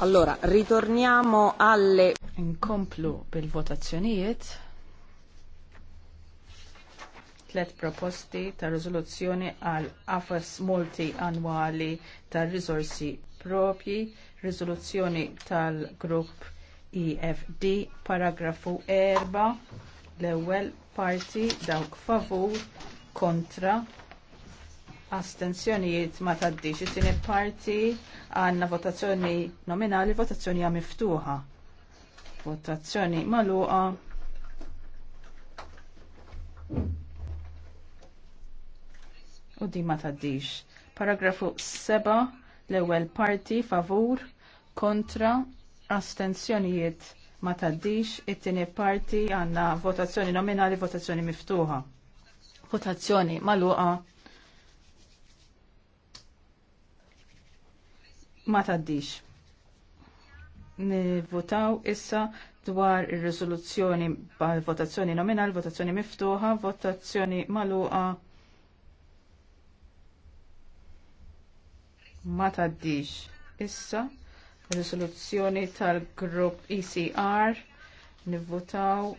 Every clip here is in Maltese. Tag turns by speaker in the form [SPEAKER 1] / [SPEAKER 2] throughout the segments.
[SPEAKER 1] Allora, ritorniamo alle... Inkomplu bil-votazzjonijiet. Tlet proposti ta' rizoluzzjoni għal afas multi annuali ta' risorsi propji, rizoluzzjoni tal-grupp EFD, paragrafu 4, l-ewwel parti dawk favur kontra Astenzjonijiet ma taddix. It-tieni parti għanna votazzjoni nominali, votazzjoni għam miftuħa. Votazzjoni maluqa. U di ma taddix. Paragrafu 7, l-ewel parti, favur, kontra, astenzjonijiet ma taddix. it tieni parti għanna votazzjoni nominali, votazzjoni miftuħa. Votazzjoni maluqa. ma taddix. Nivvotaw issa dwar ir-riżoluzzjoni votazzjoni nominal, votazzjoni miftuħa, votazzjoni maluqa. Ma taddix. Issa riżoluzzjoni tal-grupp ECR nivvotaw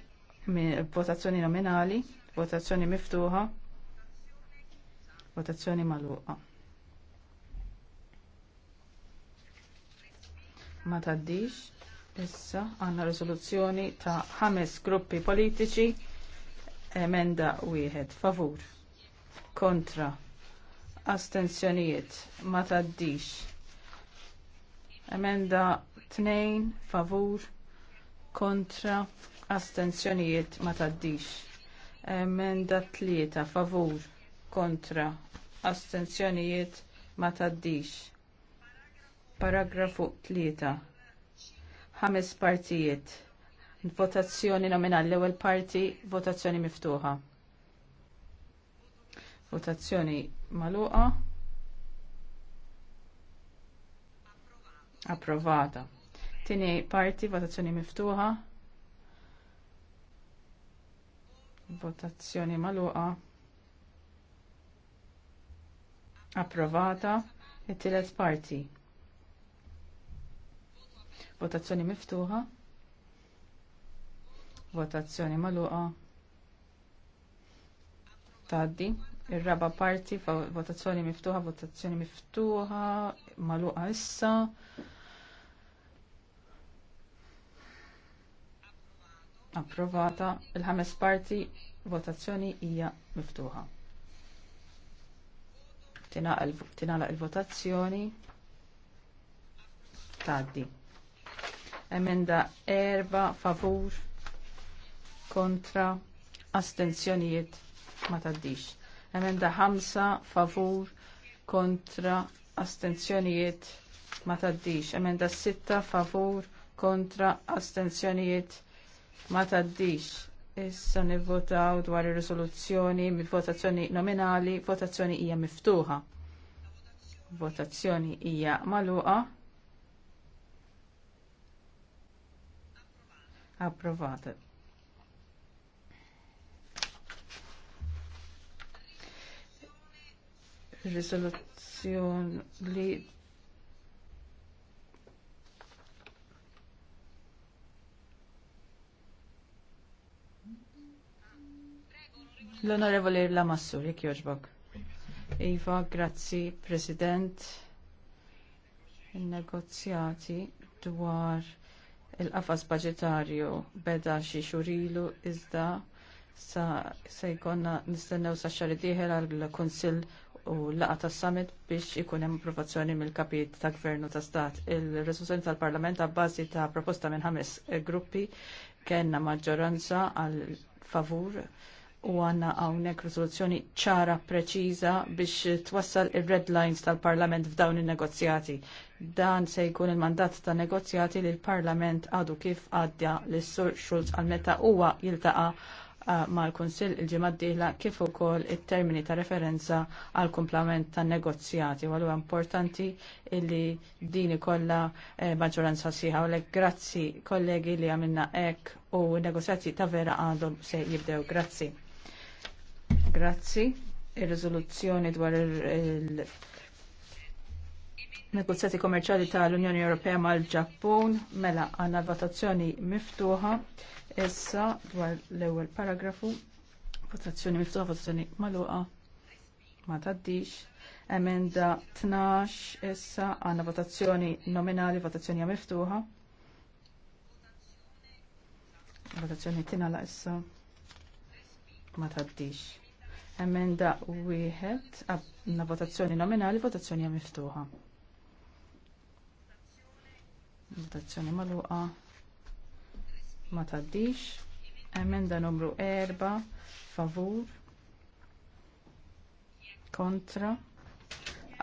[SPEAKER 1] votazzjoni nominali, votazzjoni miftuħa, votazzjoni maluqa. ma taddix. Issa għanna risoluzzjoni ta' ħames gruppi politiċi emenda wieħed favur kontra astenzjonijiet ma taddix. Emenda tnejn favur kontra astenzjonijiet ma taddix. Emenda tlieta favur kontra astenzjonijiet ma taddix Paragrafu 3. Ħames partijiet. Votazzjoni nominali l-ewwel parti, votazzjoni miftuħa. Votazzjoni magħluqa. Approvata. Tieni parti, votazzjoni miftuħa. votazzjoni maluqa approvata it-tielet e parti Votazzjoni miftuħa. Votazzjoni maluqa. Taddi. Ir-raba parti, votazzjoni miftuħa, votazzjoni miftuħa, maluqa issa. Approvata. Il-ħames parti, votazzjoni hija miftuħa. Tinaqla il-votazzjoni. Taddi. Emenda erba favur kontra astenzjonijiet ma taddix. Emenda ħamsa favur kontra astenzjonijiet ma taddix. Emenda sitta favur kontra astenzjonijiet ma taddix. Issa nivvotaw dwar ir-riżoluzzjoni votazzjoni nominali, votazzjoni hija miftuħa. Votazzjoni hija magħluqa. approvata. Risoluzzjoni li L-Onorevoli Lamassur, jek joġbok. Iva, grazzi, President. il dwar il-qafas budgetarju beda xi xurilu iżda sa, se jkonna nistennew sa xar diħel għall-Kunsill u laqa tas summit biex ikun hemm approvazzjoni mill-kapit ta' gvernu ta' stat. Il-resoluzzjoni tal-Parlament għabbażi ta' proposta minn ħames gruppi kellna maġġoranza għal favur u għanna għawnek risoluzzjoni ċara preċiża biex twassal ir-red lines tal-Parlament f'dawn in-negozjati. Dan se jkun il-mandat ta' negozjati li l-Parlament għadu kif għaddja l-Sur Schulz għal-meta huwa jiltaqa uh, mal-Kunsill il-ġimgħa d-dieħla kif ukoll it-termini ta' referenza għal kumplament ta' negozjati. Walu importanti illi din ikollha eh, maġġoranza siħa ulek. grazzi kollegi li għamilna hekk u negozjati ta' vera għadhom se jibdew. Grazzi. Grazzi. Ir-riżoluzzjoni dwar il- negozjati kommerċali tal-Unjoni Ewropea mal-Ġappun mela għandna votazzjoni miftuħa issa dwar l-ewwel paragrafu votazzjoni miftuħa votazzjoni magħluqa ma taddix emenda 12 issa għandna votazzjoni nominali votazzjoni miftuħa votazzjoni tinala issa ma taddix emenda wieħed għanna votazzjoni nominali, votazzjoni miftuħa votazzjoni maluqa ma taddix emenda numru 4 favur kontra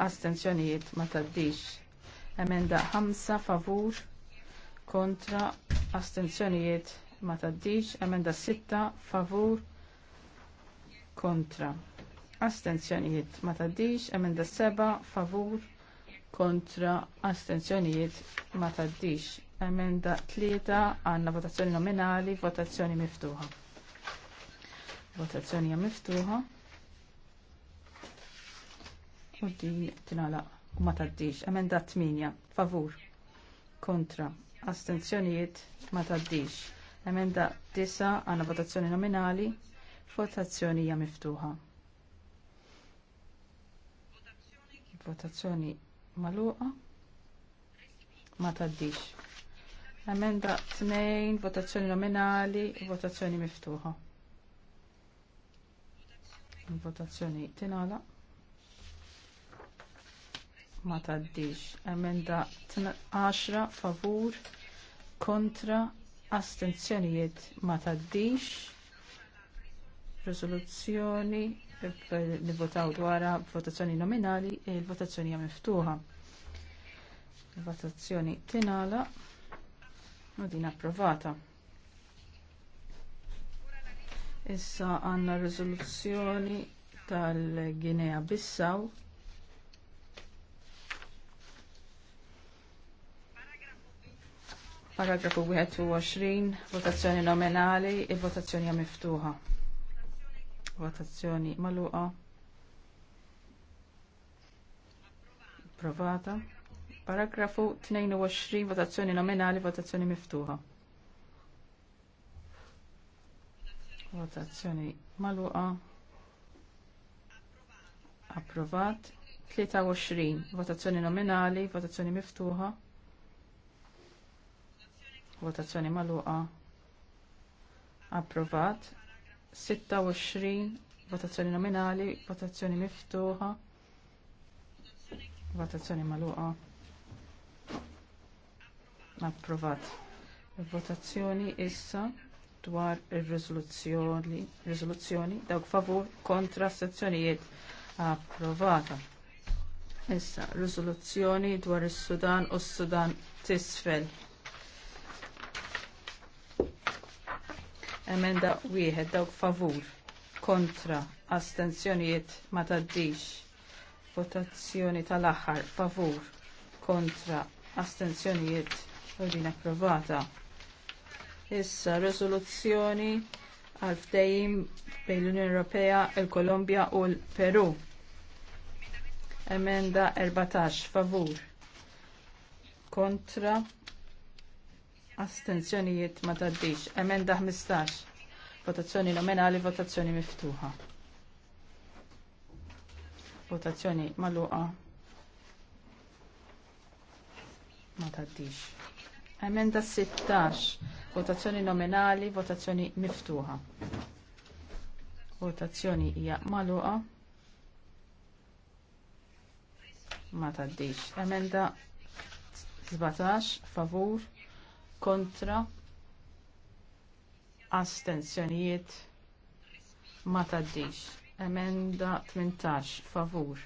[SPEAKER 1] astenzjonijiet ma taddix emenda 5 favur kontra astenzjonijiet ma taddix emenda 6 favur kontra astenzjonijiet ma taddix emenda 7 favur kontra astenzjonijiet ma taddix. Emenda tlieta għandna votazzjoni nominali, votazzjoni miftuħa. Votazzjoni hija miftuħa. U di tinala u ma taddix. Emenda 8 favur kontra astenzjonijiet ma taddix. Emenda 9 għandna votazzjoni nominali, votazzjoni hija miftuħa. Votazzjoni Maluqa. Ma taddix. Emenda 2, votazzjoni nominali, votazzjoni miftuħa. Votazzjoni tinala. Ma taddix. Emenda 10, favur, kontra, astenzjonijiet ma taddix. Risoluzzjoni nivvotaw dwarha votazzjoni nominali e l-votazzjoni hija miftuħa. Il-votazzjoni tingħala u din approvata. Issa għandna riżoluzzjoni tal-Ginea Bissaw Paragrafu 21, votazzjoni nominali, il-votazzjoni miftuħa votazzjoni maluqa provata paragrafu 22 votazzjoni nominali votazzjoni miftuħa votazzjoni maluqa approvat 23 votazzjoni nominali votazzjoni miftuħa votazzjoni maluqa approvat 26 votazzjoni nominali, votazzjoni miftuħa, votazzjoni maluqa. Approvat. Votazzjoni issa dwar ir-riżoluzzjoni, riżoluzzjoni dawk favur kontra sezzjonijiet approvata. Issa, riżoluzzjoni dwar is-Sudan u s-Sudan tisfel. Emenda wieħed dawk favur kontra astenzjonijiet ma taddix. Votazzjoni tal-aħħar favur kontra astenzjonijiet u din approvata. Issa riżoluzzjoni għal ftehim bejn l-Unjoni Ewropea, il-Kolombja u l-Peru. Emenda 14 favur kontra Astenzjonijiet ma taddix. Emenda 15. Votazzjoni nominali, votazzjoni miftuħa. Votazzjoni maluqa. Ma taddix. Emenda 16. Votazzjoni nominali, votazzjoni miftuħa. Votazzjoni hija maluqa. Ma taddix. Emenda 17. Favur kontra astenzjonijiet ma taddix. Emenda 18 favur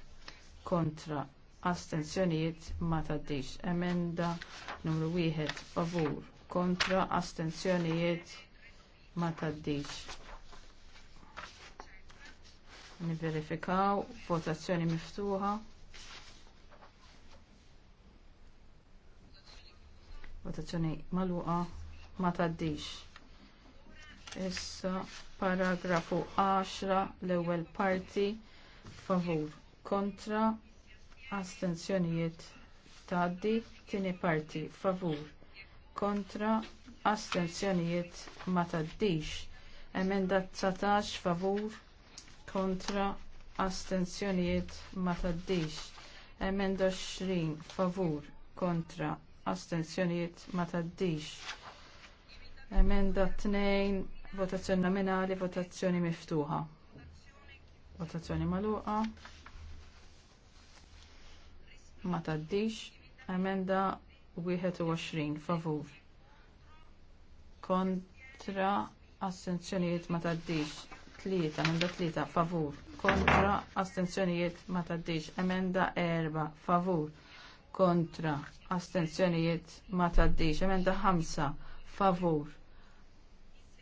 [SPEAKER 1] kontra astenzjonijiet ma taddix. Emenda numru 1 favur kontra astenzjonijiet ma taddix. Niverifikaw votazzjoni miftuħa. Votazzjoni maluqa ma taddix. Issa paragrafu 10 l-ewwel parti favur kontra astenzjonijiet tgħaddi tieni parti favur kontra astenzjonijiet ma taddix. Emenda 19 favur kontra astenzjonijiet ma taddix. Emenda 20 favur kontra astenzjonijiet ma taddix. Emenda 2, votazzjoni nominali, votazzjoni miftuħa. Votazzjoni magħluqa. Ma taddix. Emenda 21, favur. Kontra astenzjonijiet ma taddix. Tlieta, emenda tlieta, favur. Kontra astenzjonijiet ma taddix. Emenda erba, favur kontra astenzjonijiet ma taddix emenda ħamsa, favur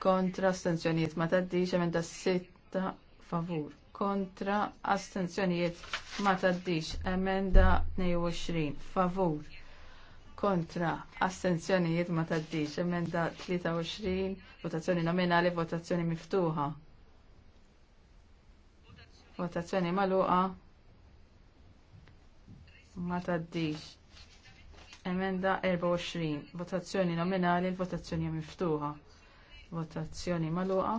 [SPEAKER 1] kontra astenzjonijiet ma taddix emenda sitta favur kontra astenzjonijiet ma taddix emenda 22 favur kontra astenzjonijiet ma taddix emenda 23 votazzjoni nominali votazzjoni miftuħa votazzjoni magħluqa ma taddix. Emenda 24, votazzjoni nominali, l-votazzjoni miftuħa. Votazzjoni magħluqa.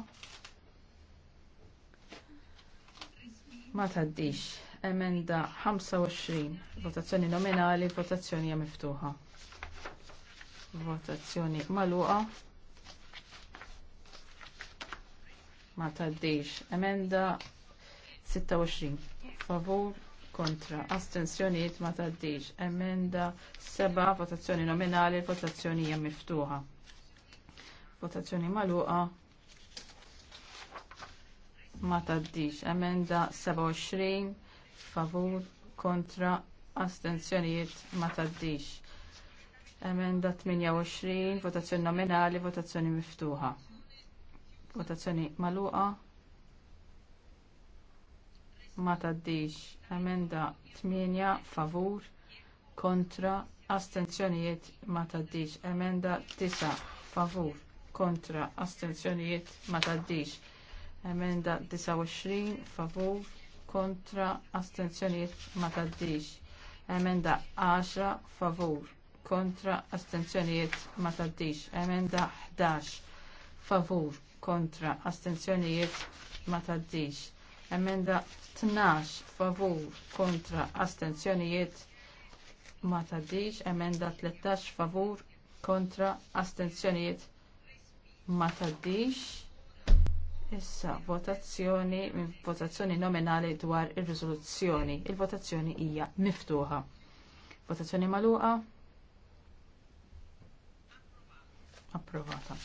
[SPEAKER 1] Ma taddix. Emenda 25, votazzjoni nominali, votazzjoni miftuħa. Votazzjoni magħluqa. Ma taddix. Emenda 26, favur, kontra astensjonijiet ma taddix. Emenda 7 votazzjoni nominali, votazzjoni hija miftuħa. Votazzjoni magħluqa ma taddix. Emenda 27 favur kontra astensjonijiet ma taddix. Emenda 28, votazzjoni nominali, votazzjoni miftuħa. Votazzjoni magħluqa ma taddix. Emenda 8 favur kontra astenzjonijiet ma taddix. Emenda 9 favur kontra astenzjonijiet ma taddix. Emenda 29 favur kontra astenzjonijiet ma taddix. Emenda 10 favur kontra astenzjonijiet ma taddix. Emenda 11 favur kontra astenzjonijiet ma taddix Emenda 12 favur kontra astenzjonijiet ma taddix. Emenda 13 favur kontra astenzjonijiet ma taddix. Issa, votazzjoni, votazzjoni nominali dwar ir-riżoluzzjoni. Il Il-votazzjoni hija miftuħa. Votazzjoni magħluqa? Approvata.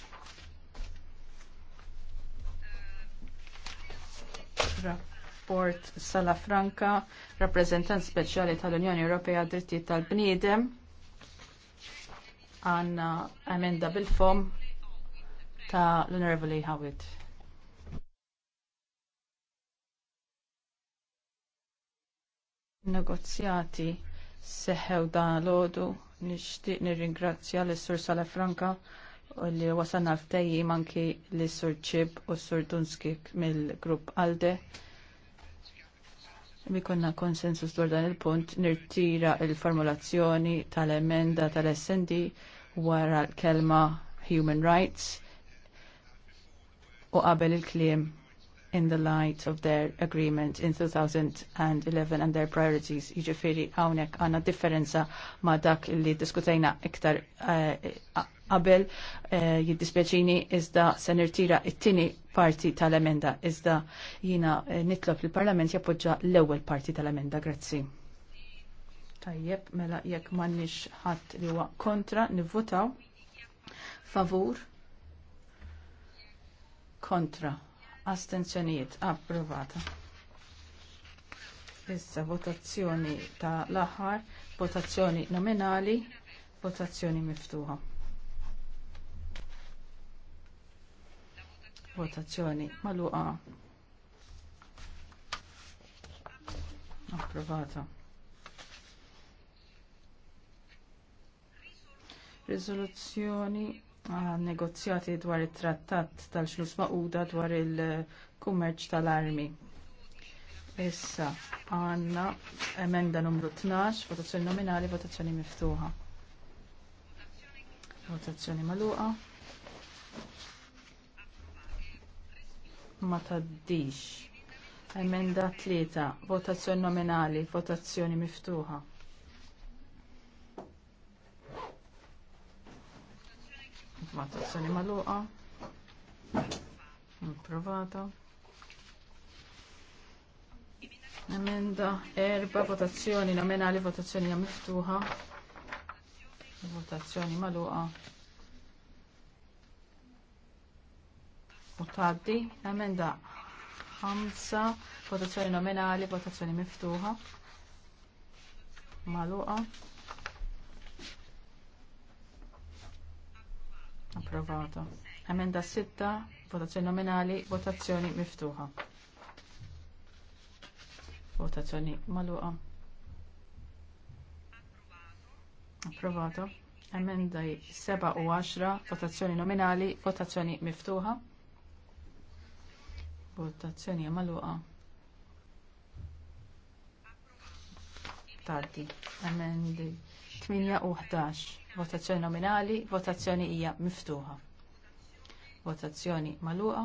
[SPEAKER 1] rapport Sala Franca, rappresentant speċjali tal-Unjoni Ewropea drittijiet tal-bniedem. Għanna emenda bil-fom ta' l-Onorevoli Howitt. Negozjati seħew dan l-ħodu nishtiq nirringrazzja l-Sur Sala Franca u li wasanna f'tejji manki li sur ċib u sur Dunskik mill-grupp Alde. Mi konna konsensus dwar dan il-punt nirtira il-formulazzjoni tal-emenda tal-SND wara l-kelma human rights u qabel il-kliem in the light of their agreement in 2011 and their priorities. Jiġifieri hawnhekk għandna differenza ma' dak li diskutejna iktar eh, qabel eh, jiddispjaċini iżda se nirtira it-tieni parti tal-emenda iżda jiena eh, nitlob li parlament jappoġġa l-ewwel parti tal-emenda. Grazzi. Tajjeb, mela jekk m'għandniex ħadd li huwa kontra nivvotaw favur kontra astenzjonijiet approvata. Issa votazzjoni ta' l-aħħar, votazzjoni nominali, votazzjoni miftuħa. Votazzjoni maluqa. Approvata. Risoluzzjoni negozjati dwar it-trattat tal-xlus maquda dwar il-kummerċ tal-armi. Issa, għanna emenda numru 12, votazzjoni nominali, votazzjoni miftuħa. Votazzjoni maluqa. Ma taddix. Emenda 3, votazzjoni nominali, votazzjoni miftuħa. Votazzjoni maluqa. Improvata. Emenda erba votazzjoni nominali votazzjoni hija miftuħa. Votazzjoni maluqa. U emenda ħamsa votazzjoni nominali votazzjoni miftuħa. Maluqa. Approvato. Emenda 6, votazzjoni nominali, votazzjoni miftuħa. Votazzjoni maluqa. Approvato. Emenda 7 u 10, votazzjoni nominali, votazzjoni miftuħa. Votazzjoni maluqa. Tardi. Emendi 8 u 11 votazzjoni nominali, votazzjoni hija miftuħa. Votazzjoni maluqa.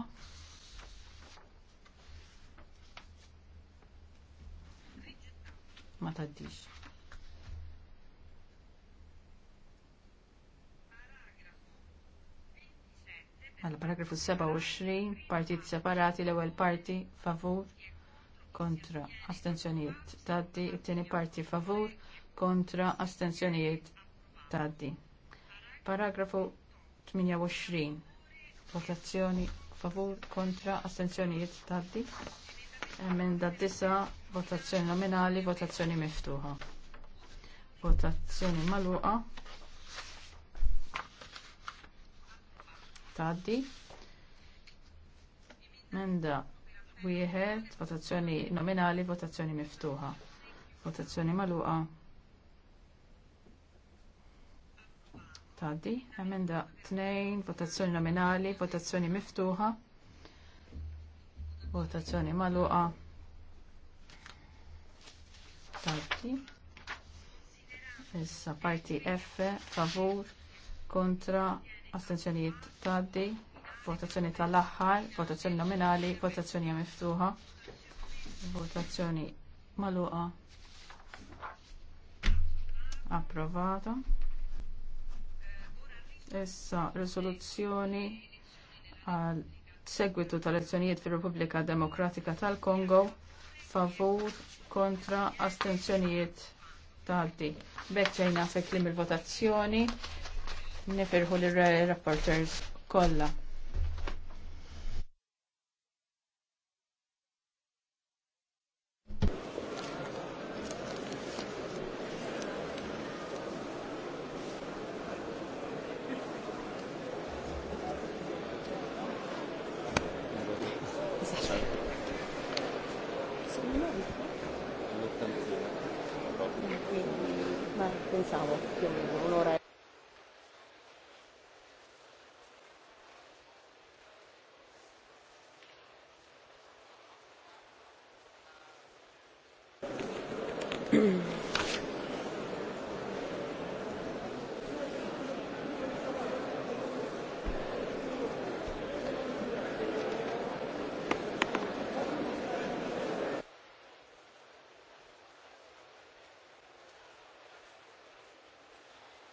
[SPEAKER 1] Ma taddix. Għal paragrafu 27, partit separati, l-ewwel parti favur kontra astenzjonijiet. Taddi, it-tieni parti favur kontra astenzjonijiet tgħaddi. Paragrafu 28. Votazzjoni favur kontra astenzjonijiet tgħaddi. Emenda 9. Votazzjoni nominali, votazzjoni miftuħa. Votazzjoni magħluqa. Tgħaddi. Emenda wieħed, votazzjoni nominali, votazzjoni miftuħa. Votazzjoni magħluqa. Taddi, emenda tnejn, votazzjoni nominali, votazzjoni miftuħa, votazzjoni maluqa. Taddi. Issa parti F, favur, kontra, astenzjonijiet tgħaddi, votazzjoni tal-aħħar, votazzjoni nominali, votazzjoni miftuħa, votazzjoni maluqa. Approvato. Issa risoluzzjoni għal segwitu tal-elezzjonijiet fir-Repubblika Demokratika tal-Kongo favur kontra astenzjonijiet tgħaddi. Bekk ġejna klim il-votazzjoni nifirħu l-rapporters kollha.
[SPEAKER 2] pensavo, più o meno, un'ora.
[SPEAKER 1] Mm-hmm.